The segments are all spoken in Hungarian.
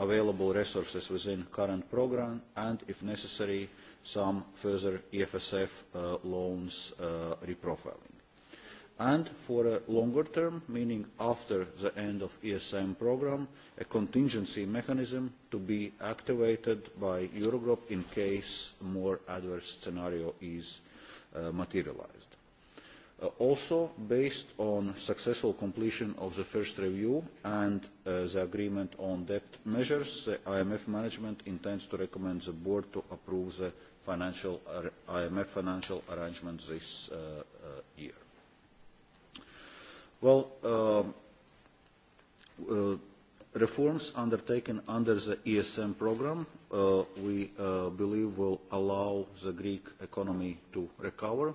available resources within current program and, if necessary, some further EFSF uh, loans uh, reprofiling. And for a longer term, meaning after the end of ESM program, a contingency mechanism to be activated by Eurogroup in case more adverse scenario is uh, materialized Uh, also, based on successful completion of the first review and uh, the agreement on debt measures, the IMF management intends to recommend the board to approve the financial, IMF financial arrangement this uh, uh, year. Well, um, uh, reforms undertaken under the ESM program, we believe will allow the Greek economy to recover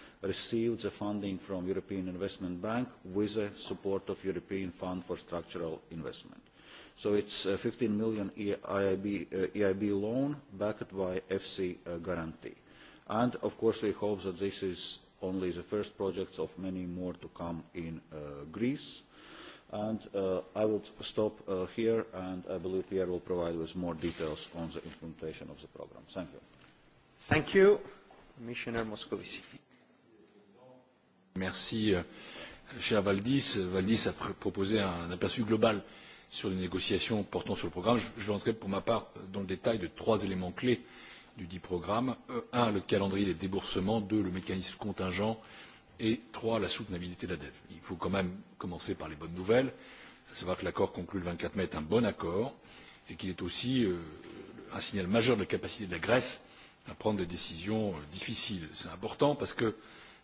received the funding from European Investment Bank with the support of European Fund for Structural Investment. So it's a uh, 15 million EIB, uh, EIB loan backed by FC uh, guarantee. And of course we hope that this is only the first project of many more to come in uh, Greece. And uh, I will stop uh, here, and I believe Pierre will provide with more details on the implementation of the program. Thank you. Thank you, Commissioner Moscovici. Merci, euh, cher Valdis. Valdis a proposé un aperçu global sur les négociations portant sur le programme. Je rentrerai pour ma part dans le détail de trois éléments clés dudit programme. Euh, un, le calendrier des déboursements. Deux, le mécanisme contingent. Et trois, la soutenabilité de la dette. Il faut quand même commencer par les bonnes nouvelles, à savoir que l'accord conclu le 24 mai est un bon accord et qu'il est aussi euh, un signal majeur de la capacité de la Grèce à prendre des décisions difficiles. C'est important parce que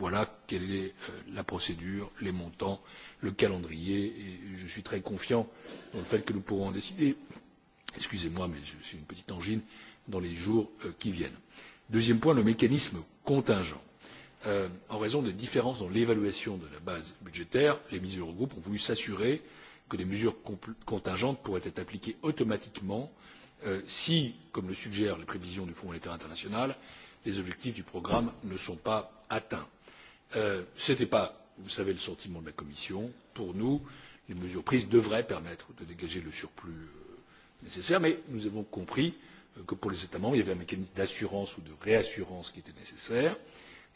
voilà quelle est euh, la procédure les montants le calendrier et je suis très confiant dans le fait que nous pourrons en décider excusez moi mais je suis une petite angine dans les jours euh, qui viennent. deuxième point le mécanisme contingent. Euh, en raison des différences dans l'évaluation de la base budgétaire les mises eurogroupe ont voulu s'assurer que des mesures contingentes pourraient être appliquées automatiquement si comme le suggèrent les prévisions du fonds monétaire international les objectifs du programme ne sont pas atteints. Euh, ce n'était pas vous le savez le sentiment de la commission. pour nous les mesures prises devraient permettre de dégager le surplus euh, nécessaire mais nous avons compris euh, que pour les états membres il y avait un mécanisme d'assurance ou de réassurance qui était nécessaire.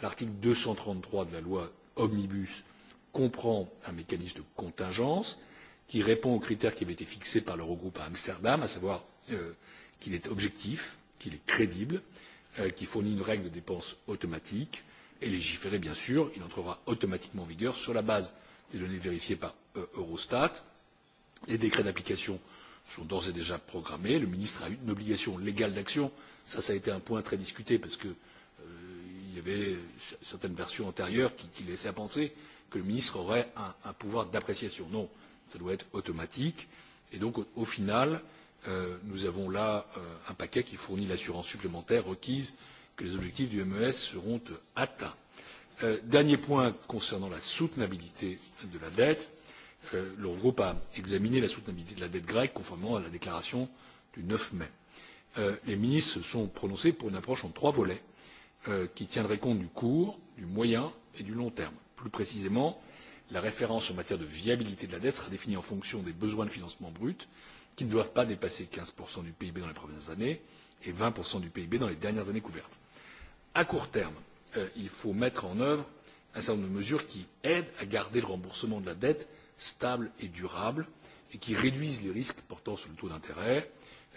l'article deux cent trente trois de la loi omnibus comprend un mécanisme de contingence qui répond aux critères qui avaient été fixés par l'eurogroupe à amsterdam à savoir qu'il est objectif qu'il est crédible Euh, qui fournit une règle de dépenses automatique et légiférer bien sûr il entrera automatiquement en vigueur sur la base des données vérifiées par euh, eurostat. les décrets d'application sont d'ores et déjà programmés le ministre a une obligation légale d'action cela a été un point très discuté parce qu'il euh, y avait certaines versions antérieures qui, qui laissaient à penser que le ministre aurait un, un pouvoir d'appréciation. non cela doit être automatique et donc au, au final Euh, nous avons là euh, un paquet qui fournit l'assurance supplémentaire requise que les objectifs du mes seront euh, atteints. dernier point concernant la soutenabilité de la dette l'eurogroupe a examiné la soutenabilité de la dette grecque conformément à la déclaration du neuf mai. les ministres se sont prononcés pour une approche en trois volets qui tiendrait compte du court du moyen et du long terme. plus précisément la référence en matière de viabilité de la dette sera définie en fonction des besoins de financement bruts qui ne doivent pas dépasser quinze du pib dans les premières années et vingt du pib dans les dernières années couvertes. à court terme euh, il faut mettre en œuvre un certain nombre de mesures qui aident à garder le remboursement de la dette stable et durable et qui réduisent les risques portant sur le taux d'intérêt.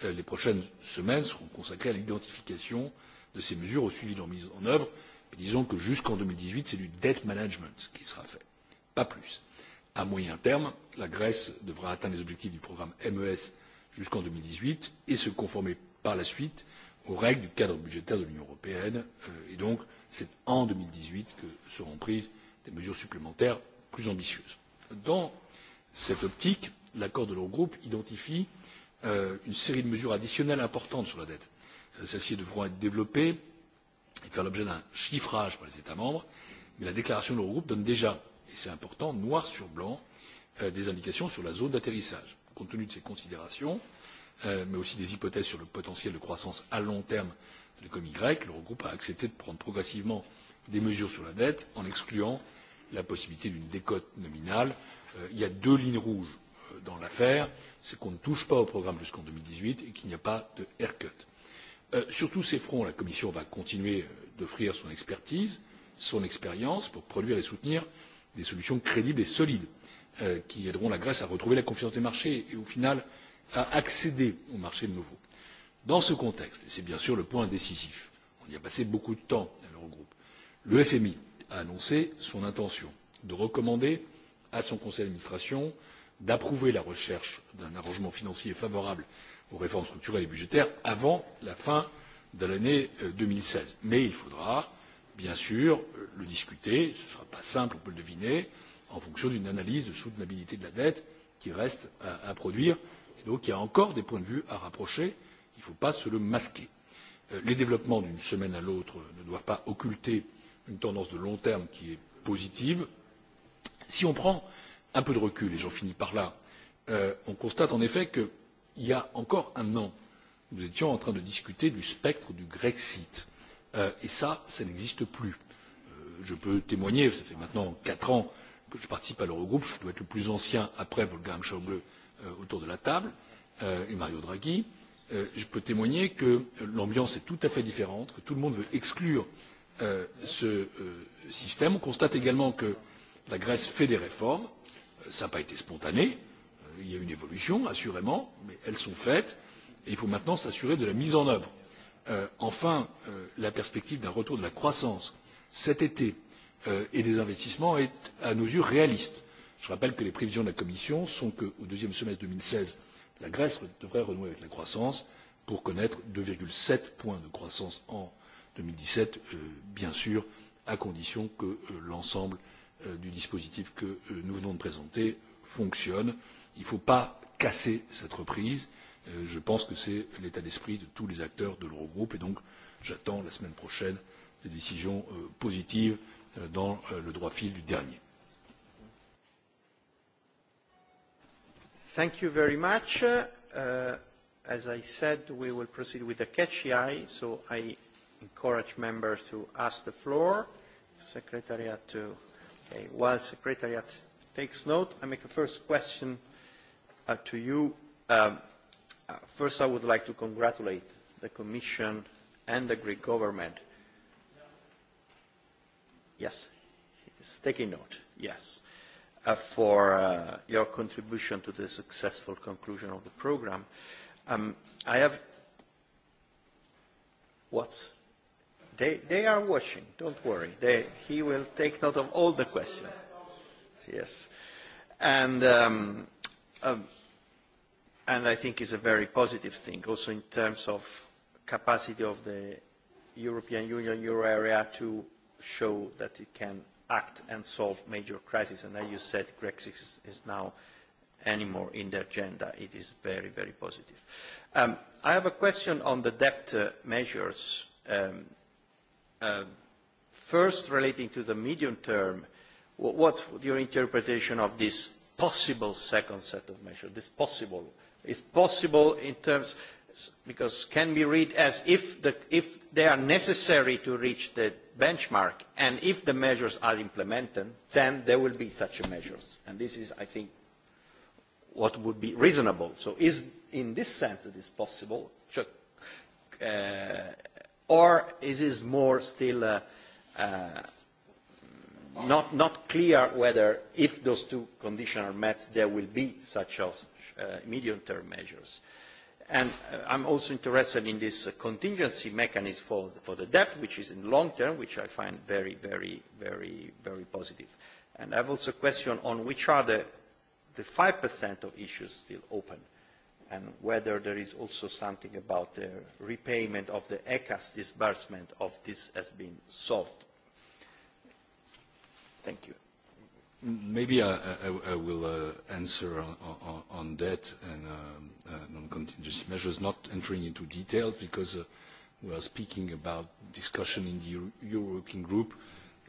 Euh, les prochaines semaines seront consacrées à l'identification de ces mesures au suivi de leur mise en œuvre mais disons que jusqu'en deux mille dix huit c'est du debt management qui sera fait pas plus à moyen terme la grèce devra atteindre les objectifs du programme mes jusqu'en deux mille dix huit et se conformer par la suite aux règles du cadre budgétaire de l'union européenne euh, et donc c'est en deux mille dix huit que seront prises des mesures supplémentaires plus ambitieuses. dans cette optique l'accord de l'eurogroupe identifie euh, une série de mesures additionnelles importantes sur la dette. Euh, celles ci devront être développées et faire l'objet d'un chiffrage par les états membres mais la déclaration de l'eurogroupe donne déjà c'est important noir sur blanc euh, des indications sur la zone d'atterrissage. compte tenu de ces considérations euh, mais aussi des hypothèses sur le potentiel de croissance à long terme de l'économie grecque l'eurogroupe a accepté de prendre progressivement des mesures sur la dette en excluant la possibilité d'une décote nominale. Euh, il y a deux lignes rouges dans l'affaire c'est qu'on ne touche pas au programme jusqu'en deux mille dix huit et qu'il n'y a pas de haircut. sur tous ces fronts la commission va continuer d'offrir son expertise son expérience pour produire et soutenir des solutions crédibles et solides euh, qui aideront la grèce à retrouver la confiance des marchés et au final à accéder aux marchés nouveaux. dans ce contexte et c'est bien sûr le point décisif on y a passé beaucoup de temps à l'eurogroupe le fmi a annoncé son intention de recommander à son conseil d'administration d'approuver la recherche d'un arrangement financier favorable aux réformes structurelles et budgétaires avant la fin de l'année euh, deux mille seize mais il faudra bien sûr le discuter ce ne sera pas simple on peut le deviner en fonction d'une analyse de soutenabilité de la dette qui reste à produire et donc il y a encore des points de vue à rapprocher il ne faut pas se le masquer. Euh, les développements d'une semaine à l'autre ne doivent pas occulter une tendance de long terme qui est positive. si on prend un peu de recul et j'en finis par là euh, on constate en effet qu'il y a encore un an nous étions en train de discuter du spectre du grexit Euh, et cela ça n'existe plus. Euh, je peux témoigner cela fait maintenant quatre ans que je participe à l'eurogroupe je dois être le plus ancien après wolfgang schuble euh, autour de la table et mario draghi je peux témoigner que l'ambiance est tout à fait différente que tout le monde veut exclure ce système. on constate également que la grèce fait des réformes cela n'a pas été spontané il y a eu une évolution assurément mais elles sont faites et il faut maintenant s'assurer de la mise en œuvre. Euh, enfin euh, la perspective d'un retour de la croissance cet été euh, et des investissements est à nos yeux réaliste. je rappelle que les prévisions de la commission sont qu'au deuxième semestre deux mille seize la grèce devrait renouer avec la croissance pour connaître deux sept points de croissance en deux mille dix sept bien sûr à condition que l'ensemble du dispositif que nous venons de présenter fonctionne. il ne faut pas casser cette reprise Euh, je pense que c'est l'état d'esprit de tous les acteurs de l'eurogroupe et donc j'attends la semaine prochaine des décisions euh, positives euh, dans le droit fil du dernier. Thank you very much. Uh, as I said, we will proceed with the catchy eye, so I encourage members to ask the floor. Secretariat to, okay, while Secretariat takes note, I make a first question uh, to you. Um, First, I would like to congratulate the Commission and the Greek government. Yes, it's taking note, yes, uh, for uh, your contribution to the successful conclusion of the program. Um, I have... What? They, they are watching, don't worry. They, he will take note of all the questions. Yes. And um, um, and I think is a very positive thing, also in terms of capacity of the European Union euro area to show that it can act and solve major crises. And as you said, Brexit is, is now anymore in the agenda. It is very, very positive. Um, I have a question on the debt uh, measures. Um, uh, first, relating to the medium term, what, what your interpretation of this possible second set of measures, this possible uh, is possible in terms because can be read as if, the, if they are necessary to reach the benchmark and if the measures are implemented, then there will be such measures. And this is, I think, what would be reasonable. So is in this sense that is possible, to, uh, or is it more still uh, uh, not, not clear whether if those two conditions are met, there will be such a Uh, medium-term measures. And uh, I'm also interested in this contingency mechanism for, for the debt, which is in long term, which I find very, very, very, very positive. And I have also a question on which are the, the 5% of issues still open and whether there is also something about the repayment of the ECAS disbursement of this has been solved. Thank you. Maybe I, will uh, answer on, debt and um, uh, on contingency measures, not entering into details because uh, we are speaking about discussion in the European Group,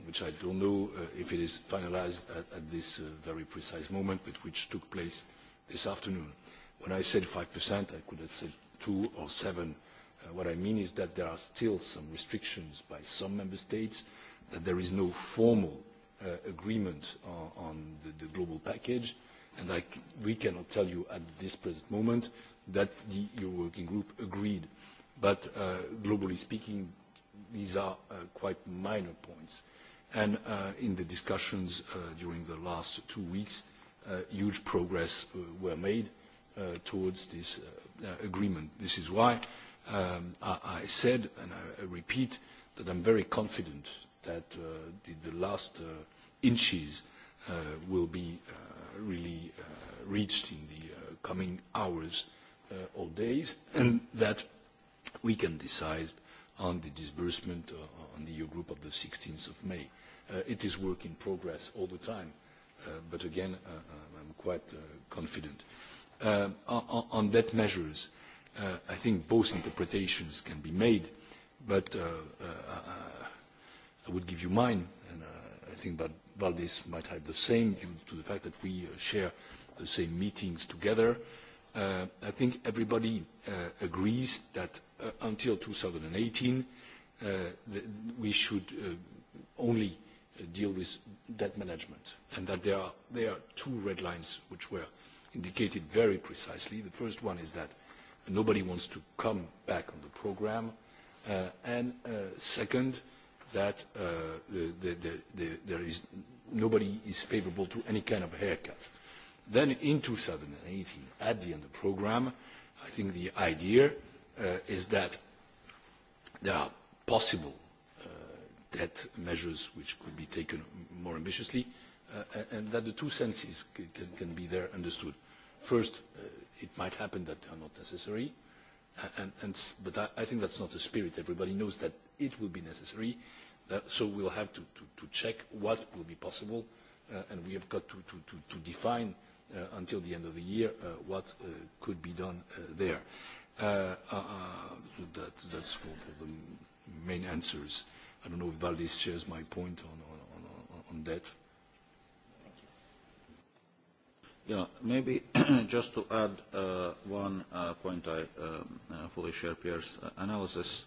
which I don't know if it is finalized at this very precise moment, but which took place this afternoon. When I said 5%, I could have said 2 or 7. What I mean is that there are still some restrictions by some member states, that there is no formal Uh, agreement on, on the, the global package and I, we cannot tell you at this present moment that the EU working group agreed. But uh, globally speaking, these are uh, quite minor points. And uh, in the discussions uh, during the last two weeks, uh, huge progress were made towards this agreement. This is why um, I, I said, and I repeat, that I'm very confident that uh, the, the last uh, inches uh, will be really reached in the coming hours or days, and that we can decide on the disbursement on the EU group of the 16th of May. It is work in progress all the time, but again, I'm quite confident. On, on debt measures, I think both interpretations can be made, but I would give you mine, and uh, I think that Valdis might have the same due to the fact that we uh, share the same meetings together. Uh, I think everybody uh, agrees that uh, until 2018, uh, th we should uh, only uh, deal with debt management and that there are, there are two red lines which were indicated very precisely. The first one is that nobody wants to come back on the program. Uh, and uh, second, uh, that uh, the, the, the, there is, nobody is favourable to any kind of haircut. Then in 2018, at the end of the programme, I think the idea uh, is that there are possible uh, debt measures which could be taken more ambitiously, uh, and that the two senses can, can be there understood. First, uh, it might happen that they are not necessary, uh, and, and, but I, I think that's not the spirit. Everybody knows that it will be necessary. Uh, so we will have to, to, to check what will be possible, uh, and we have got to, to define uh, until the end of the year uh, what uh, could be done there. That, that's for, for the main answers. I don't know if Valdis shares my point on, on, on, on that. Yeah, maybe just to add one point, I um, fully share Pierre's analysis.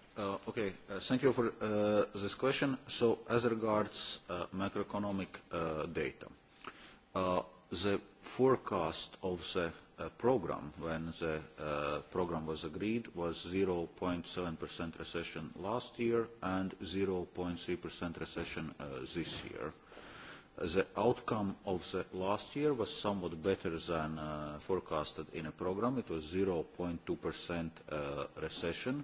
Uh, okay, uh, thank you for uh, this question. So as regards uh, macroeconomic uh, data, uh, the forecast of the uh, program when the uh, program was agreed was 0.7% recession last year and 0.3% recession uh, this year. The outcome of the last year was somewhat better than uh, forecasted in a program. It was 0.2% uh, recession. Uh,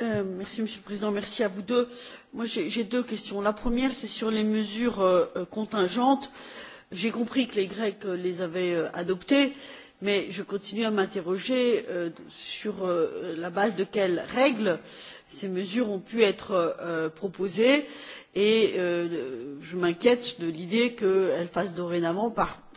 Euh, Monsieur le Président, merci à vous deux. j'ai deux questions. La première c'est sur les mesures euh, euh, contingentes. J'ai compris que les Grecs les avaient adoptées, mais je continue à m'interroger sur la base de quelles règles ces mesures ont pu être proposées et je m'inquiète de l'idée qu'elles fassent dorénavant partie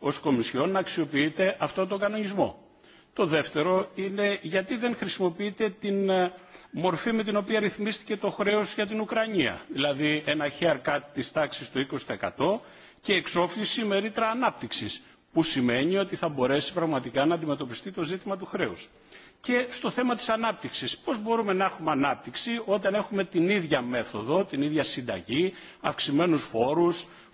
ως Κομισιόν να αξιοποιείτε αυτό το κανονισμό. Το δεύτερο είναι γιατί δεν χρησιμοποιείτε την μορφή με την οποία ρυθμίστηκε το χρέος για την Ουκρανία. Δηλαδή ένα haircut της τάξης του 20% και εξόφληση με ρήτρα ανάπτυξης που σημαίνει ότι θα μπορέσει πραγματικά να αντιμετωπιστεί το ζήτημα του χρέους. Και στο θέμα της ανάπτυξης, πώς μπορούμε να έχουμε ανάπτυξη όταν έχουμε την ίδια μέθοδο, την ίδια συνταγή, αυξημένους φόρους,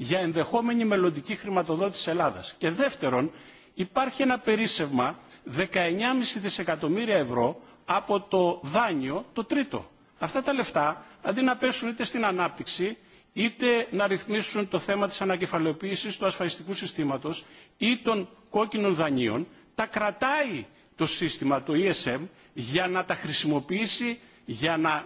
για ενδεχόμενη μελλοντική χρηματοδότηση Ελλάδας. Και δεύτερον, υπάρχει ένα περίσσευμα 19,5 δισεκατομμύρια ευρώ από το δάνειο το τρίτο. Αυτά τα λεφτά, αντί να πέσουν είτε στην ανάπτυξη, είτε να ρυθμίσουν το θέμα της ανακεφαλαιοποίησης του ασφαλιστικού συστήματος ή των κόκκινων δανείων, τα κρατάει το σύστημα, το ESM, για να τα χρησιμοποιήσει, για να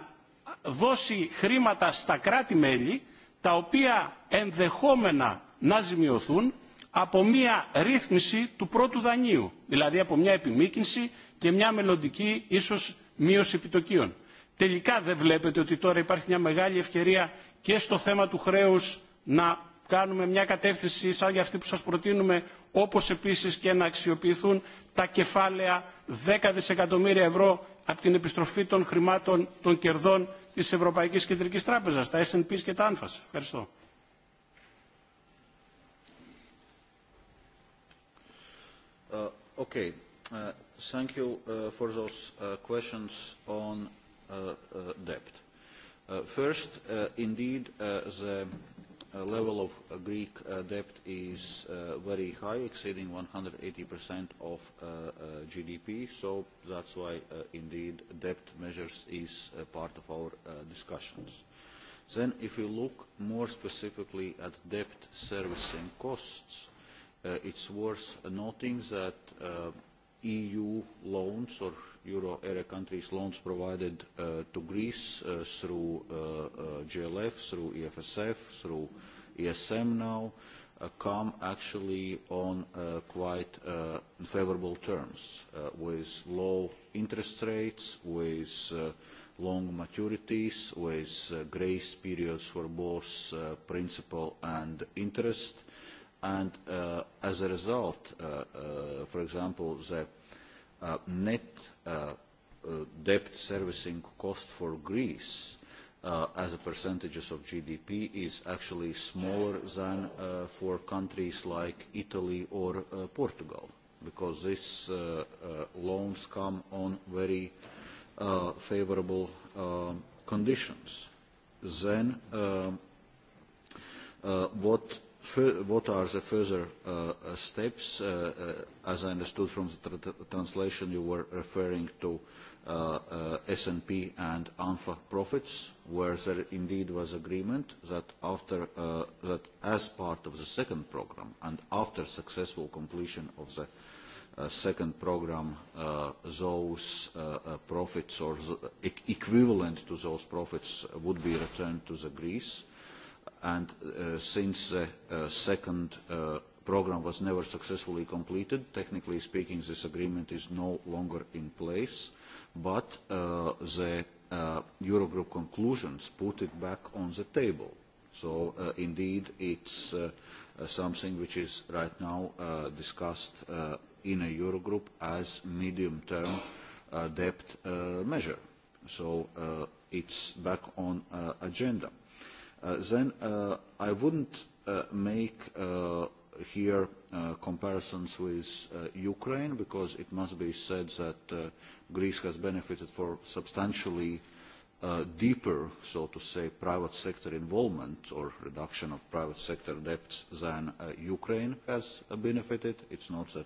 δώσει χρήματα στα κράτη-μέλη τα οποία ενδεχόμενα να ζημιωθούν από μια ρύθμιση του πρώτου δανείου, δηλαδή από μια επιμήκυνση και μια μελλοντική ίσως μείωση επιτοκίων. Τελικά δεν βλέπετε ότι τώρα υπάρχει μια μεγάλη ευκαιρία και στο θέμα του χρέους να κάνουμε μια κατεύθυνση σαν για αυτή που σας προτείνουμε, όπως επίσης και να αξιοποιηθούν τα κεφάλαια 10 δισεκατομμύρια ευρώ από την επιστροφή των χρημάτων των κερδών της Ευρωπαϊκής Κεντρικής Τράπεζας, τα S&P και τα ANFAS. Ευχαριστώ. Uh, okay. Uh, thank you uh, for those uh, questions on uh, uh, debt. Uh, first, uh, indeed, uh, the Uh, level of uh, Greek uh, debt is uh, very high, exceeding 180% of uh, uh, GDP. So that's why, uh, indeed, debt measures is part of our uh, discussions. Then if you look more specifically at debt servicing costs, uh, it's worth noting that uh, EU loans or euro area countries loans provided uh, to Greece uh, through uh, uh, GLF, through EFSF, through ESM now uh, come actually on uh, quite uh, favorable terms uh, with low interest rates, with uh, long maturities, with uh, grace periods for both uh, principal and interest. And uh, as a result, uh, uh, for example, the uh, net uh, debt servicing cost for Greece uh, as a percentage of GDP is actually smaller than uh, for countries like Italy or uh, Portugal because these loans come on very favourable um, conditions. Then um, what what are the further uh, uh steps? Uh, uh, as I understood from the tra translation, you were referring to uh, uh S&P and ANFA profits, where there indeed was agreement that, after, that as part of the second program and after successful completion of the second program, those profits or equivalent to those profits would be returned to Greece and uh, since the uh, uh, second uh, program was never successfully completed, technically speaking, this agreement is no longer in place, but uh, the uh, Eurogroup conclusions put it back on the table. So uh, indeed, it's uh, uh something which is right now uh, discussed uh, in a Eurogroup as medium-term uh, debt uh, measure. So uh, it's back on uh, agenda. Uh, then uh, I wouldn't uh, make here uh, comparisons with uh, Ukraine because it must be said that uh, Greece has benefited for substantially deeper, so to say, private sector involvement or reduction of private sector debts than Ukraine has benefited. It's not that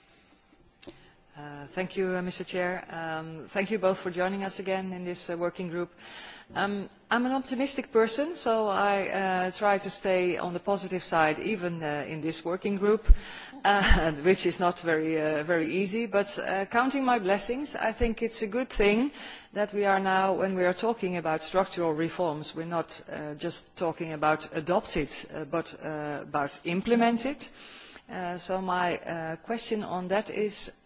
Uh, uh, um, thank you, both for joining us again in this uh, working group. i am um, an optimistic person, so I try to stay on the positive side, even in this working group, which is not very, easy. But counting my blessings, I think it is a good thing that we are now, when we are talking about structural reforms, we are not just talking about adopt it, but about implement it. so my question on that is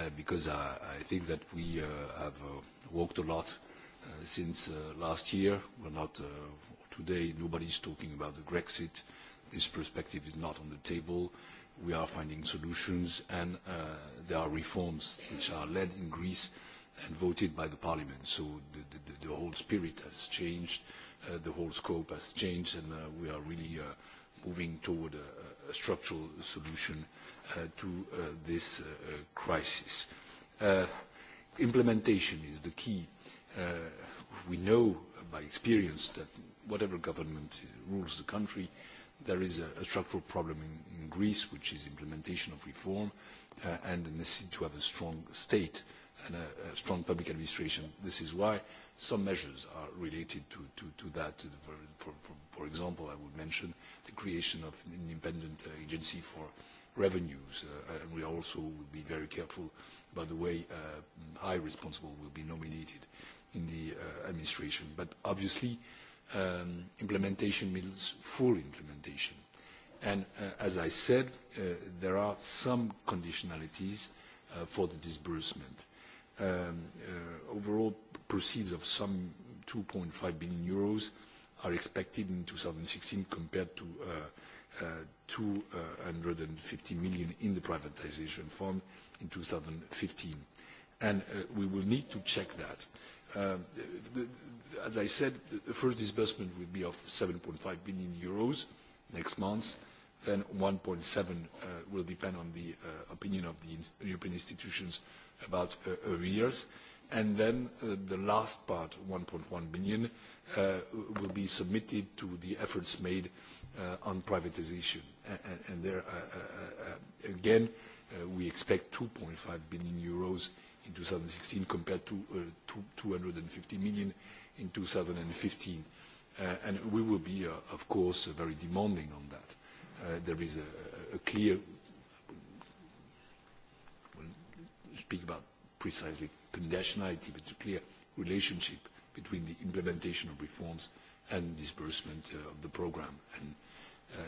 Uh, because I, I think that we uh, have uh, worked a lot since last year. We're not today, nobody's talking about the Grexit. This perspective is not on the table. We are finding solutions, and there are reforms which are led in Greece and voted by the parliament. So the, the, the whole spirit has changed, uh, the whole scope has changed, and uh, we are really uh, moving toward a, a structural solution Uh, to uh, this uh, crisis. Implementation is the key. We know by experience that whatever government rules the country, there is a, a structural problem in, in, Greece, which is implementation of reform and the necessity to have a strong state and a, a strong public administration. This is why some measures are related to, to, to that. For, for, for example, I would mention the creation of an independent uh, agency for revenues. Uh, and we also will be very careful about the way uh, high responsible will be nominated in the uh, administration. But obviously, um, implementation means full implementation. And uh, as I said, uh, there are some conditionalities uh, for the disbursement. Um, uh, overall, proceeds of some 2.5 billion euros are expected in 2016 compared to 250 uh, uh, million in the privatization fund in 2015. Uh, we will need to check that. as I said, the first disbursement will be of 7.5 billion euros next month, then 1.7 billion will depend on the opinion of the European institutions about arrears and then uh, the last part, eur. one one billion, uh, will be submitted to the efforts made uh, on privatisation And, there, again, we expect eur. two five billion in two thousand and sixteen compared to, eur. two hundred and fifty million in two thousand And fifteen and we will be, of course, very demanding on that. There is a, a clear... We'll speak about precisely conditionality, but a clear relationship between the implementation of reforms and disbursement uh, of the programme. And uh,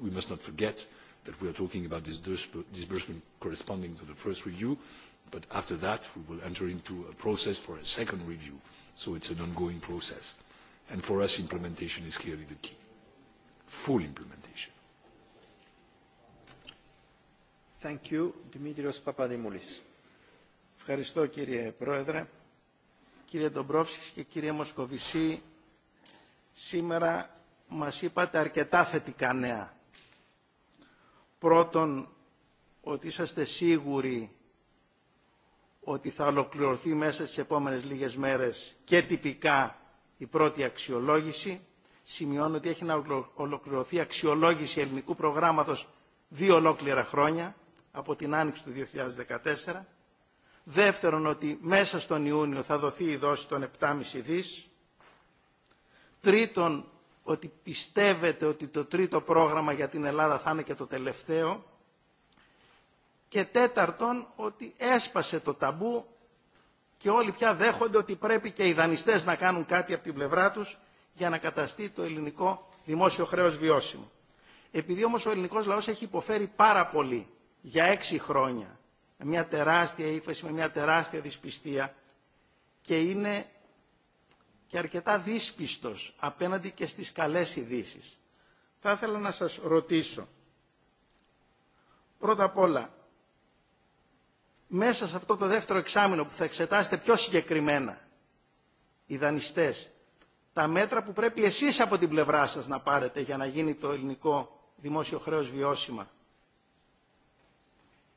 we must not forget that we are talking about this disbursement corresponding to the first review, but after that we will enter into a process for a second review. So it's an ongoing process. And for us, implementation is clearly the key. Full implementation. Thank you. Dimitrios Papadimoulis. Ευχαριστώ κύριε Πρόεδρε. Κύριε Ντομπρόφσκης και κύριε Μοσκοβισή, σήμερα μας είπατε αρκετά θετικά νέα. Πρώτον, ότι είσαστε σίγουροι ότι θα ολοκληρωθεί μέσα στις επόμενες λίγες μέρες και τυπικά η πρώτη αξιολόγηση. Σημειώνω ότι έχει να ολοκληρωθεί αξιολόγηση ελληνικού προγράμματος δύο ολόκληρα χρόνια από την άνοιξη του 2014 Δεύτερον, ότι μέσα στον Ιούνιο θα δοθεί η δόση των 7,5 δις. Τρίτον, ότι πιστεύετε ότι το τρίτο πρόγραμμα για την Ελλάδα θα είναι και το τελευταίο. Και τέταρτον, ότι έσπασε το ταμπού και όλοι πια δέχονται ότι πρέπει και οι δανειστές να κάνουν κάτι από την πλευρά τους για να καταστεί το ελληνικό δημόσιο χρέος βιώσιμο. Επειδή όμως ο ελληνικός λαός έχει υποφέρει πάρα πολύ για έξι χρόνια με μια τεράστια ύφεση, με μια τεράστια δυσπιστία και είναι και αρκετά δύσπιστος απέναντι και στις καλές ειδήσει. Θα ήθελα να σας ρωτήσω, πρώτα απ' όλα, μέσα σε αυτό το δεύτερο εξάμεινο που θα εξετάσετε πιο συγκεκριμένα οι δανειστές, τα μέτρα που πρέπει εσείς από την πλευρά σας να πάρετε για να γίνει το ελληνικό δημόσιο χρέος βιώσιμα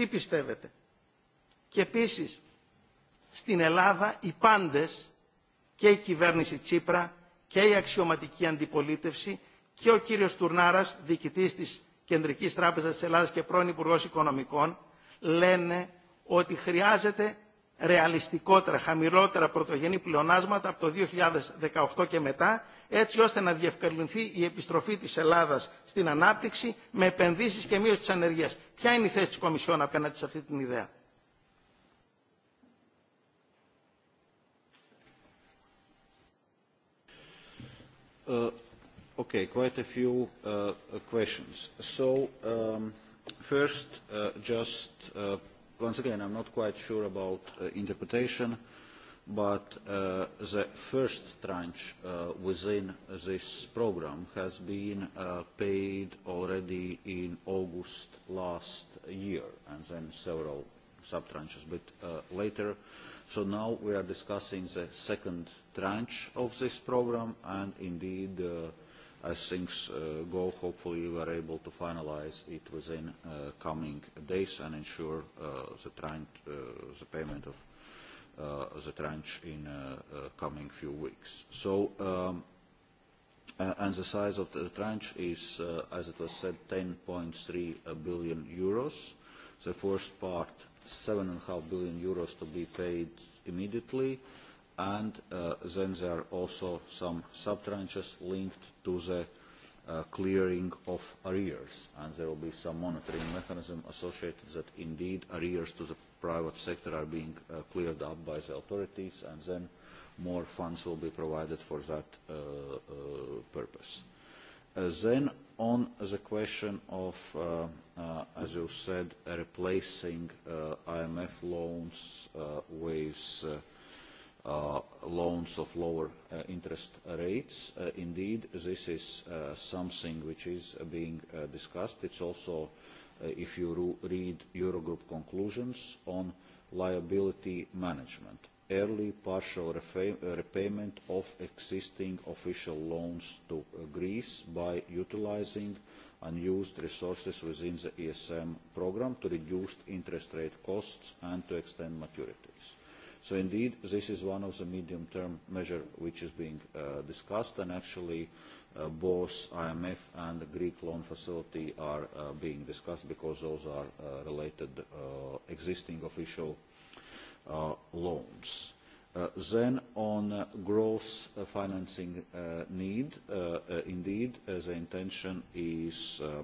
Τι πιστεύετε. Και επίσης, στην Ελλάδα οι πάντες, και η κυβέρνηση Τσίπρα και η αξιωματική αντιπολίτευση και ο κύριος Τουρνάρας, διοικητής της Κεντρικής Τράπεζας της Ελλάδας και πρώην Υπουργό Οικονομικών, λένε ότι χρειάζεται ρεαλιστικότερα, χαμηλότερα πρωτογενή πλεονάσματα από το 2018 και μετά έτσι ώστε να διευκολυνθεί η επιστροφή της Ελλάδας στην ανάπτυξη με επενδύσεις και μείωση της ανεργίας. Ποια είναι η θέση της Κομισιόν απέναντι σε αυτή την ιδέα. Uh, okay, quite a few uh, questions. So, um, first, uh, just uh, once again, I'm not quite sure about uh, interpretation. Uh, but uh, the first tranche uh, within this program has been uh, paid already in August last year, and then several sub-tranches a bit uh, later. So now we are discussing the second tranche of this program, and indeed, uh, as things uh, go, hopefully we are able to finalize it within uh, coming days and ensure uh, the, trend, uh, the payment of Uh, the tranche in the uh, uh, coming few weeks. So, um, and the size of the tranche is, as it was said, 10.3 billion euros. The first part, 7.5 billion euros to be paid immediately, and uh, then there are also some sub-tranches linked to the uh, clearing of arrears, and there will be some monitoring mechanism associated that indeed arrears to the private sector are being uh, cleared up by the authorities and then more funds will be provided for that uh, uh, purpose. Uh, then on the question of, uh, uh, as you said, uh, replacing uh, IMF loans uh, with uh, Uh, loans of lower uh, interest rates. Uh, indeed, this is uh, something which is being uh, discussed. It's also uh, Uh, if you read Eurogroup conclusions on liability management, early partial uh, repayment of existing official loans to uh, Greece by utilizing unused resources within the ESM program to reduce interest rate costs and to extend maturities. So indeed, this is one of the medium-term measures which is being uh, discussed, and actually uh, both IMF and the Greek loan facility are uh, being discussed because those are uh, related uh, existing official uh, loans. Uh, then on uh, growth uh, financing uh, need, uh, uh, indeed, uh, the intention is uh,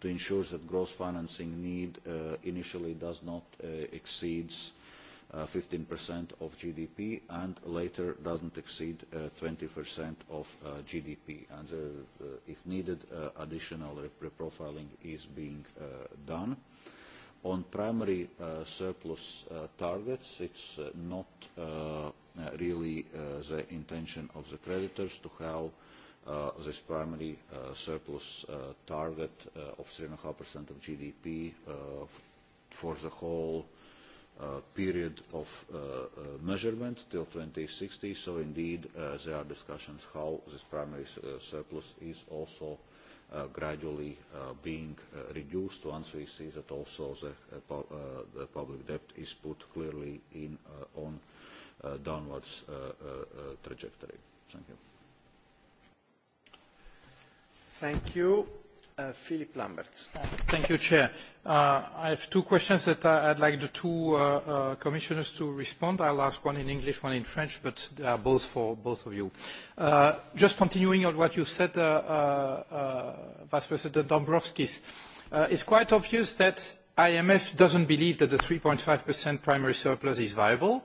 to ensure that growth financing need uh, initially does not uh, exceeds uh, 15% of GDP and later doesn't exceed uh, of uh, GDP. And there, uh, uh, if needed, uh, additional reprofiling is being uh, done. On primary uh, surplus uh, targets, it's uh, not uh, uh, really uh, the intention of the creditors to have Uh, this primary uh, surplus uh, target uh, of 3.5% of GDP for the whole period of uh, uh, measurement till 2060. So indeed, uh, there are discussions how this primary uh, surplus is also uh, gradually being reduced once we see that also the, pu the public debt is put clearly in on downwards trajectory. Thank you. Thank you. Uh, Philip Lamberts. Uh, I have two questions that I, I'd like the two commissioners uh, to commissioners to respond. I'll ask one in English, one in French, but they are both for both of you. just continuing on what you said, Vice President Dombrovskis, it it's quite obvious that IMF doesn't believe that the 3.5% primary surplus is viable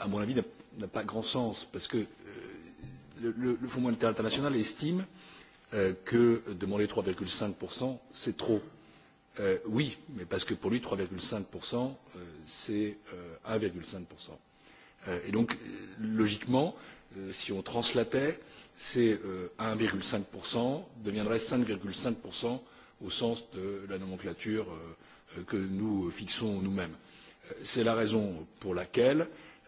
à mon avis, n'a pas grand sens, parce que euh, le, Fonds monétaire international estime euh, que demander trois cinq c'est trop. Euh, oui, mais parce que pour lui, trois cinq c'est un cinq et donc, logiquement, si on translatait, c'est euh, 1,5% deviendrait cinq au sens de la nomenclature que nous fixons nous-mêmes. C'est la raison pour laquelle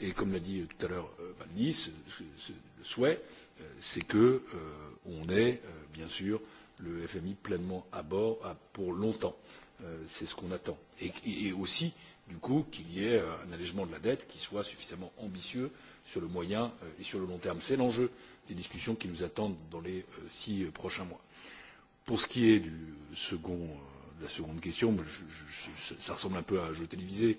et comme l'a dit tout à l'heure euh, valdis le souhait euh, c'est que l'on euh, ait bien sûr le fmi pleinement à bord pour longtemps c'est ce qu'on attend et aussi du coup qu'il y ait un allégement de la dette qui soit suffisamment ambitieux sur le moyen et sur le long terme. c'est l'enjeu des discussions qui nous attendent dans les six prochains mois. pour ce qui est du second de la seconde question cela ressemble un peu à un jeu télévisé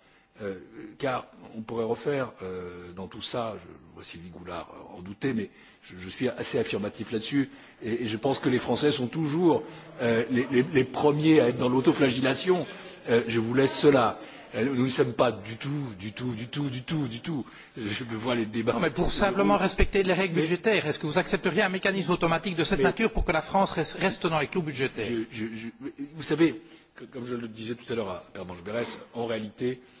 Euh, car on pourrait refaire euh, dans tout cela je vois sylvie goulard en douter mais je, suis assez affirmatif là dessus et, je pense que les français sont toujours euh, les, premiers à être dans l'autoflagellation je vous laisse cela nous ne sommes pas du tout, du tout, du tout, du tout, du tout. Je me vois les débats. Non, mais pour simplement respecter les règles mais, budgétaires, est-ce que vous accepteriez un mécanisme automatique de cette mais, nature pour que la France reste dans les clous budgétaires je, je, je, Vous savez, que, comme je le disais tout à l'heure à Père Berès, en réalité, euh,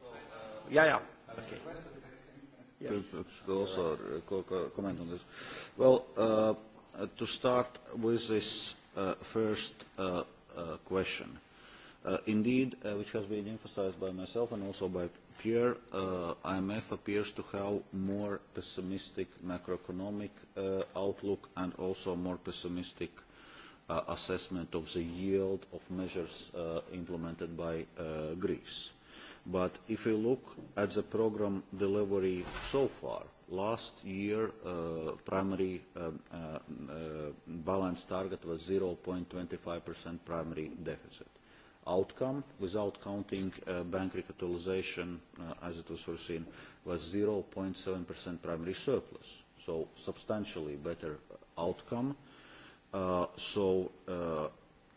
Yeah, yeah. Okay. Yes. To, also uh, comment on this. Well, uh, to start with this uh, first uh, uh, question. Uh, indeed, uh, which has been emphasized by myself and also by Pierre, uh, IMF appears to have more pessimistic macroeconomic uh, outlook and also more pessimistic uh, assessment of the yield of measures uh, implemented by uh, Greece. But if you look at the program delivery so far, last year uh, primary um, uh, uh, balance target was 0.25% primary deficit. Outcome, without counting uh, bank recapitalization uh, as it was foreseen, was 0.7% primary surplus. So substantially better outcome. Uh, so uh,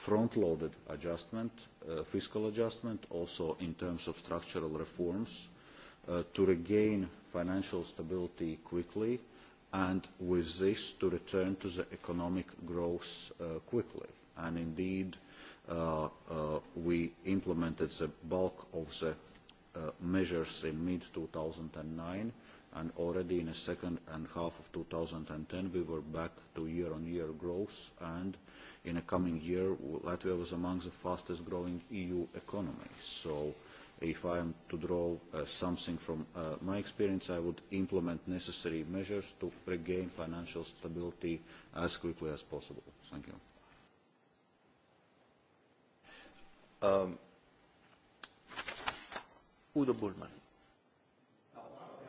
front-loaded adjustment, uh, fiscal adjustment, also in terms of structural reforms, uh, to regain financial stability quickly, and with this to return to the economic growth uh, quickly. And indeed, uh, uh, we implemented the bulk of the uh, measures in mid-2009, and already in the second and half of 2010, we were back to year-on-year growth, and in the coming year, Latvia was among the fastest growing EU economies. So if I am to draw uh, something from uh, my experience, I would implement necessary measures to regain financial stability as quickly as possible. Thank you. Um, Udo Bullmann.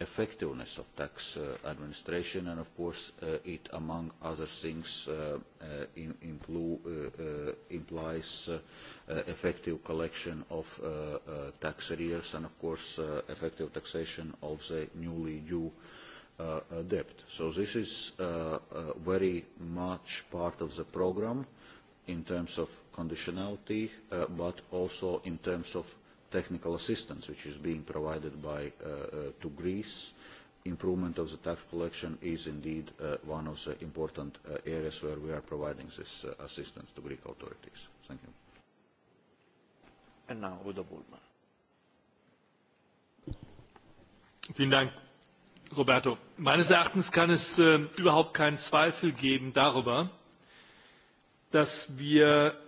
effectiveness of tax uh, administration and of course uh, it among other things uh, uh in, implu, uh, uh, implies effective collection of tax arrears and of course effective taxation of the newly due debt. So this is very much part of the programme in terms of conditionality but also in terms of technical assistance which is being provided by, uh, uh, to Greece. Improvement of the tax collection is indeed uh, one of the important uh, areas where we are providing this uh, assistance to Greek authorities. Thank you. And now Udo Bullman. Vielen Dank, Roberto. Meines Erachtens kann es äh, überhaupt keinen Zweifel geben darüber, dass wir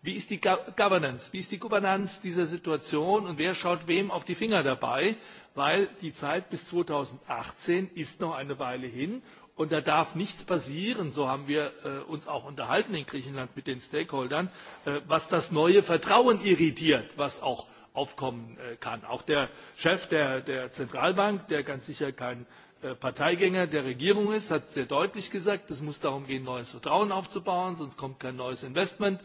Wie ist die Governance? Wie ist die Governance dieser Situation und wer schaut wem auf die Finger dabei? Weil die Zeit bis 2018 ist noch eine Weile hin und da darf nichts passieren, so haben wir äh, uns auch unterhalten in Griechenland mit den Stakeholdern, äh, was das neue Vertrauen irritiert, was auch aufkommen äh, kann. Auch der Chef der, der Zentralbank, der ganz sicher kein äh, Parteigänger der Regierung ist, hat sehr deutlich gesagt, es muss darum gehen, neues Vertrauen aufzubauen, sonst kommt kein neues Investment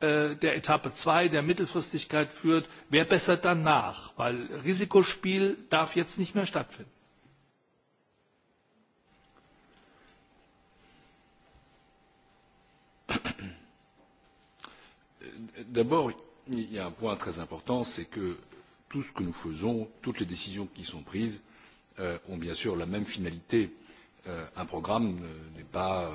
Äh, der Etappe 2 der Mittelfristigkeit führt, wer bessert dann nach? Weil Risikospiel darf jetzt nicht mehr stattfinden. Äh, d'abord, il y a un point très important, c'est que tout ce que nous faisons, toutes les décisions qui sont prises euh, ont bien sûr la même finalité. Euh, un programme n'est pas euh,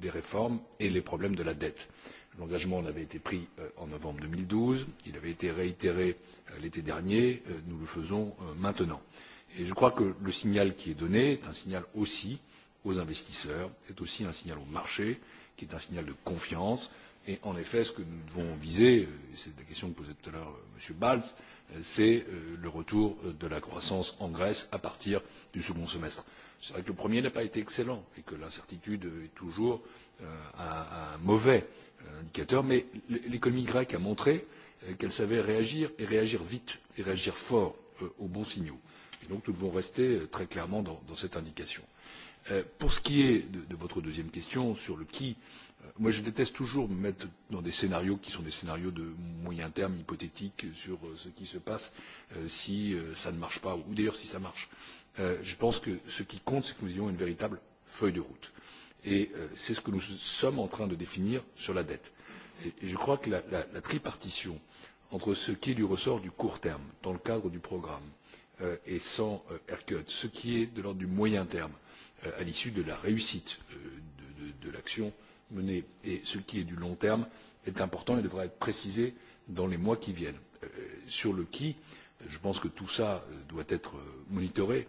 des réformes et les problèmes de la dette. l'engagement en avait été pris euh, en novembre deux mille douze il avait été réitéré euh, l'été dernier euh, nous le faisons maintenant et je crois que le signal qui est donné est un signal aussi aux investisseurs est aussi un signal aux marchés qui est un signal de confiance et en effet ce que nous devons viser c'est la question que posait tout à l'heure m. balz c'est le retour de la croissance en grèce à partir du second semestre c'est vrai que le premier n'a pas été excellent et que l'incertitude est toujours euh, un mauvais euh, indicateur mais l'économie grecque a montré euh, qu'elle savait réagir et réagir vite et réagir fort aux bons signaux et donc nous devons rester très clairement dans cette indication. pour ce qui est de votre deuxième question sur le qui moi je déteste toujours me mettre dans des scénarios qui sont des scénarios de moyen terme hypothétiques sur ce qui se passe si ça ne marche pas ou d'ailleurs si ça marche. Euh, je pense que ce qui compte c'est que nous ayons une véritable feuille de route et euh, c'est ce que nous sommes en train de définir sur la dette. je crois que la, tripartition entre ce qui est du ressort du court terme dans le cadre du programme euh, et sans haircut ce qui est de l'ordre du moyen terme à l'issue de la réussite de, de l'action menée et ce qui est du long terme est important et devra être précisé dans les mois qui viennent. sur le qui je pense que tout cela doit être monitoré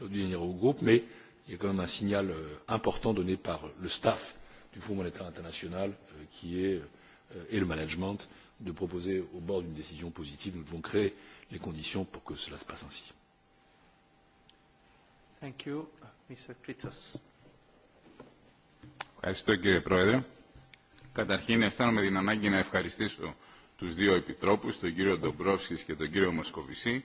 l'odihr eurogroupe mais il y a quand même un signal euh, important donné par le staff du fonds monétaire international euh, euh, et le management de proposer au bord d'une décision positive. nous devons créer les conditions pour que cela se passe ainsi. Ευχαριστώ κύριε Πρόεδρε. Καταρχήν αισθάνομαι την ανάγκη να ευχαριστήσω τους δύο επιτρόπους, τον κύριο και τον κύριο Μοσκοβισή,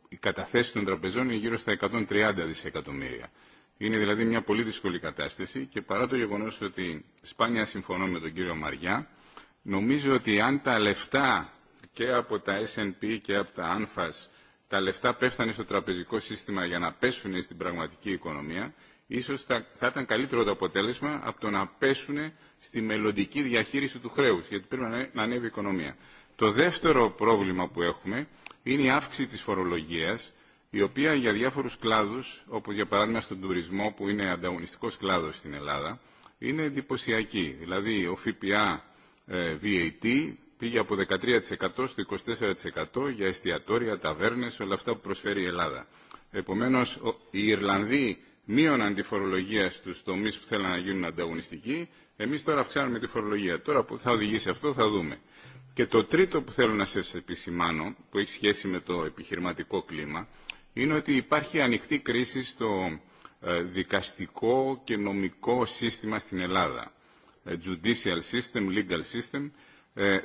οι καταθέσει των τραπεζών είναι γύρω στα 130 δισεκατομμύρια. Είναι δηλαδή μια πολύ δύσκολη κατάσταση και παρά το γεγονό ότι σπάνια συμφωνώ με τον κύριο Μαριά, νομίζω ότι αν τα λεφτά και από τα SNP και από τα ANFAS τα λεφτά πέφτανε στο τραπεζικό σύστημα για να πέσουν στην πραγματική οικονομία, ίσως θα, θα ήταν καλύτερο το αποτέλεσμα από το να πέσουν στη μελλοντική διαχείριση του χρέους, γιατί πρέπει να ανέβει η οικονομία. Το δεύτερο πρόβλημα που έχουμε είναι η αύξηση της φορολογίας, η οποία για διάφορους κλάδους, όπως για παράδειγμα στον τουρισμό που είναι ανταγωνιστικός κλάδος στην Ελλάδα, είναι εντυπωσιακή. Δηλαδή ο ΦΠΑ ε, VAT πήγε από 13% στο 24% για εστιατόρια, ταβέρνες, όλα αυτά που προσφέρει η Ελλάδα. Επομένως, οι Ιρλανδοί μείωναν τη φορολογία στους τομείς που θέλαν να γίνουν ανταγωνιστικοί, εμείς τώρα αυξάνουμε τη φορολογία. Τώρα που θα οδηγήσει αυτό θα δούμε. Και το τρίτο που θέλω να σας επισημάνω, που έχει σχέση με το επιχειρηματικό κλίμα, είναι ότι υπάρχει ανοιχτή κρίση στο δικαστικό και νομικό σύστημα στην Ελλάδα. Judicial system, legal system.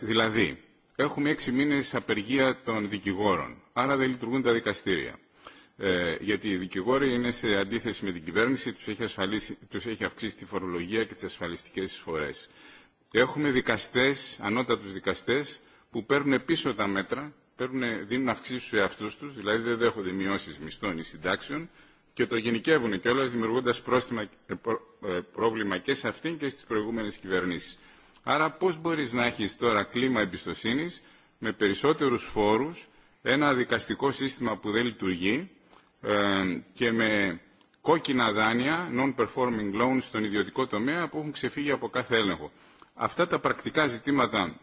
Δηλαδή, έχουμε έξι μήνες απεργία των δικηγόρων, άρα δεν λειτουργούν τα δικαστήρια. Ε, γιατί οι δικηγόροι είναι σε αντίθεση με την κυβέρνηση, τους έχει, ασφαλίσει, τους έχει αυξήσει τη φορολογία και τις ασφαλιστικές εισφορές έχουμε δικαστές, ανώτατους δικαστές, που παίρνουν πίσω τα μέτρα, παίρνουν, δίνουν αυξήσεις στους εαυτούς τους, δηλαδή δεν δέχονται μειώσεις μισθών ή συντάξεων, και το γενικεύουν κιόλα πρόστιμα, πρόβλημα και σε αυτήν και στις προηγούμενες κυβερνήσεις. Άρα, πώς μπορείς να έχεις τώρα κλίμα εμπιστοσύνης με περισσότερους φόρους, ένα δικαστικό σύστημα που δεν λειτουργεί ε, και με κόκκινα δάνεια, non-performing loans στον ιδιωτικό τομέα που έχουν ξεφύγει από κάθε έλεγχο. Αυτά τα πρακτικά ζητήματα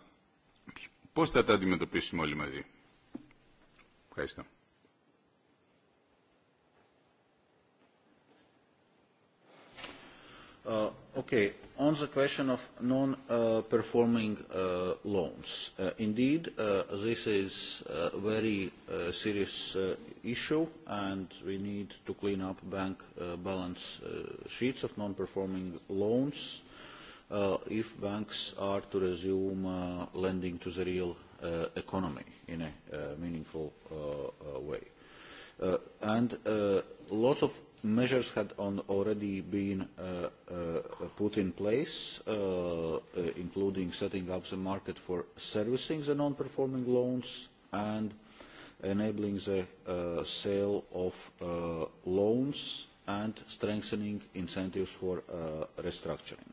πώς θα τα αντιμετωπίσουμε όλοι μαζί. Ευχαριστώ. Uh, okay, on the question of non-performing uh, uh, loans, uh, indeed, uh, this is a very uh, serious uh, issue and we need to clean up bank uh, balance uh, sheets of non-performing loans uh, if banks are to resume uh, lending to the real uh, economy in a uh, meaningful uh, uh, way. Uh, and uh, lots of measures had on already been uh, uh, put in place, uh, uh, including setting up the market for servicing the non-performing loans and enabling the uh, sale of uh, loans and strengthening incentives for uh, restructuring.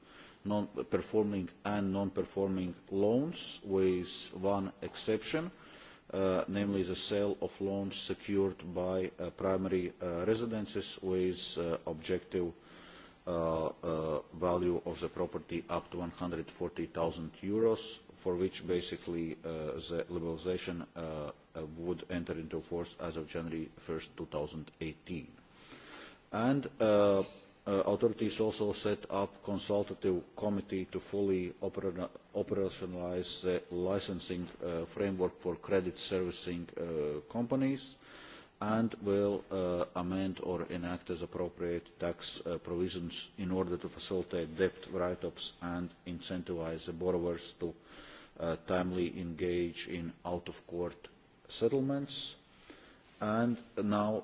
non-performing and non-performing loans, with one exception, uh, namely the sale of loans secured by uh, primary uh, residences with uh, objective uh, uh, value of the property up to 140,000 euros, for which basically uh, the liberalisation uh, uh, would enter into force as of January 1st, 2018. And uh, Uh, authorities also set up a consultative committee to fully opera operationalise the licensing uh, framework for credit servicing uh, companies and will uh, amend or enact as appropriate tax uh, provisions in order to facilitate debt write-ups and incentivise borrowers to timely engage in out-of-court settlements. And now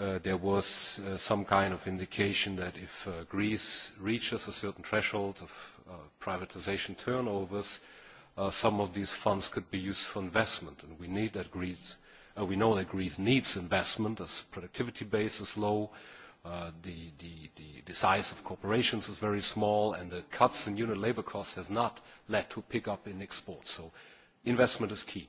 Uh, there was uh, some kind of indication that if uh, Greece reaches a certain threshold of uh, privatization turnovers, uh, some of these funds could be used for investment. And we need that Greece, uh, we know that Greece needs investment as productivity base is low, uh, the, the, the, the size of corporations is very small, and the cuts in unit labor costs has not led to a up in exports. So investment is key.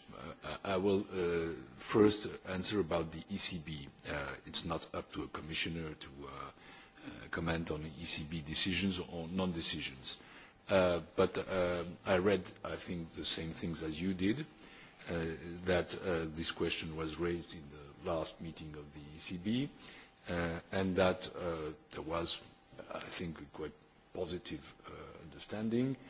Uh, I will uh, first answer about the ECB. Uh, it's not up to a commissioner to uh, uh, comment on ECB decisions or non-decisions. But I read, I think, the same things as you did, that this question was raised in the last meeting of the ECB, and that there was, I think, a quite positive understanding uh,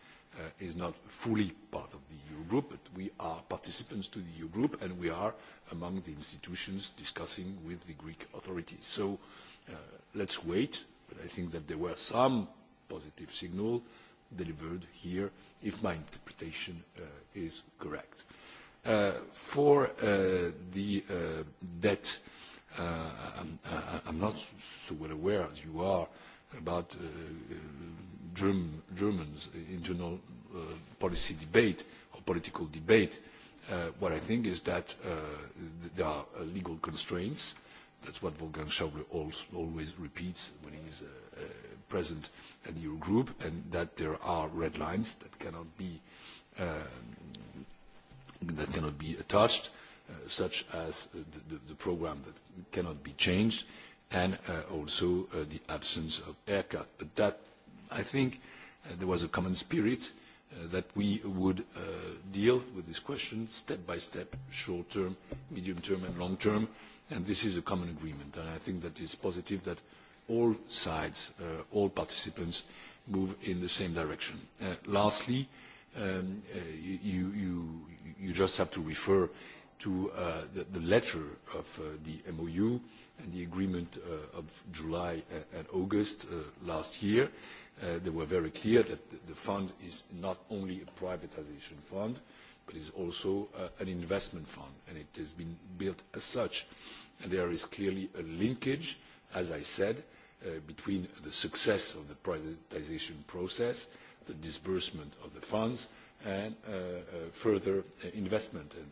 Uh, is not fully part of the EU group, but we are participants to the EU group, and we are among the institutions discussing with the Greek authorities. So uh, let's wait, but I think that there were some positive signal delivered here, if my interpretation uh, is correct. Uh, for uh, the uh, debt, I'm, I'm not so well aware as you are about uh, German, Germans internal uh, policy debate or political debate, uh, what I think is that uh, there are uh, legal constraints. That's what Wolfgang Schäuble always repeats when he's uh, uh, present at the Eurogroup, and that there are red lines that cannot be uh, that cannot be touched, uh, such as the, the, the program that cannot be changed, and uh, also uh, the absence of haircut. But that, I think, uh, there was a common spirit that we would deal with this question step by step, short term, medium term and long term, and this is a common agreement. And I think that it's positive that all sides, uh, all participants move in the same direction. Uh, lastly, um, uh, you, you, you just have to refer to uh, the, the letter of uh, the MOU and the agreement uh, of July and August uh, last year, uh, they were very clear that the fund is not only a privatization fund, but is also uh, an investment fund, and it has been built as such. And there is clearly a linkage, as I said, uh, between the success of the privatization process, the disbursement of the funds, and uh, uh, further uh, investment. And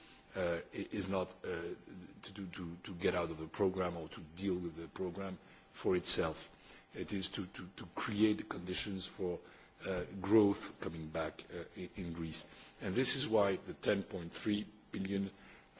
Uh, is not uh, to, get out of the program or to deal with the program for itself. It is to, to, to create the conditions for Uh, growth coming back uh, in Greece. and This is why the 10.3 billion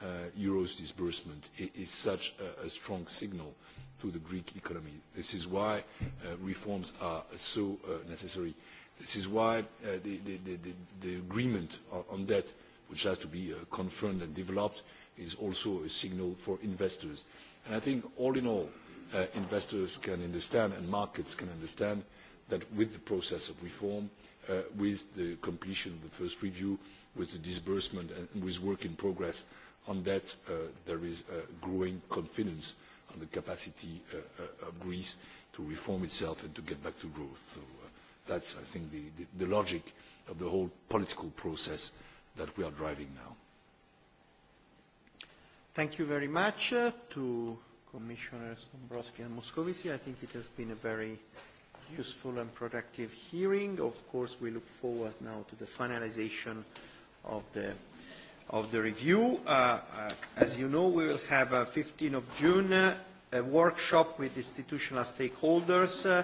uh, euros disbursement is such a, a strong signal to the Greek economy. This is why uh, reforms are so necessary. This is why the, the, the, the agreement on debt which has to be uh, confirmed and developed, is also a signal for investors. And I think all in all, uh, investors can understand and markets can understand that with the process of reform, uh, with the completion of the first review, with the disbursement and with work in progress on that, there is growing confidence on the capacity of Greece to reform itself and to get back to growth. So that's, I think, the, the, the logic of the whole political process that we are driving now. Thank you very much uh, to Commissioners Dombrovski and Moscovici. I think it has been a very useful and productive hearing. Of course, we look forward now to the finalization of the of the review. Uh, uh, as you know, we will have uh, 15 of June uh, a workshop with institutional stakeholders uh,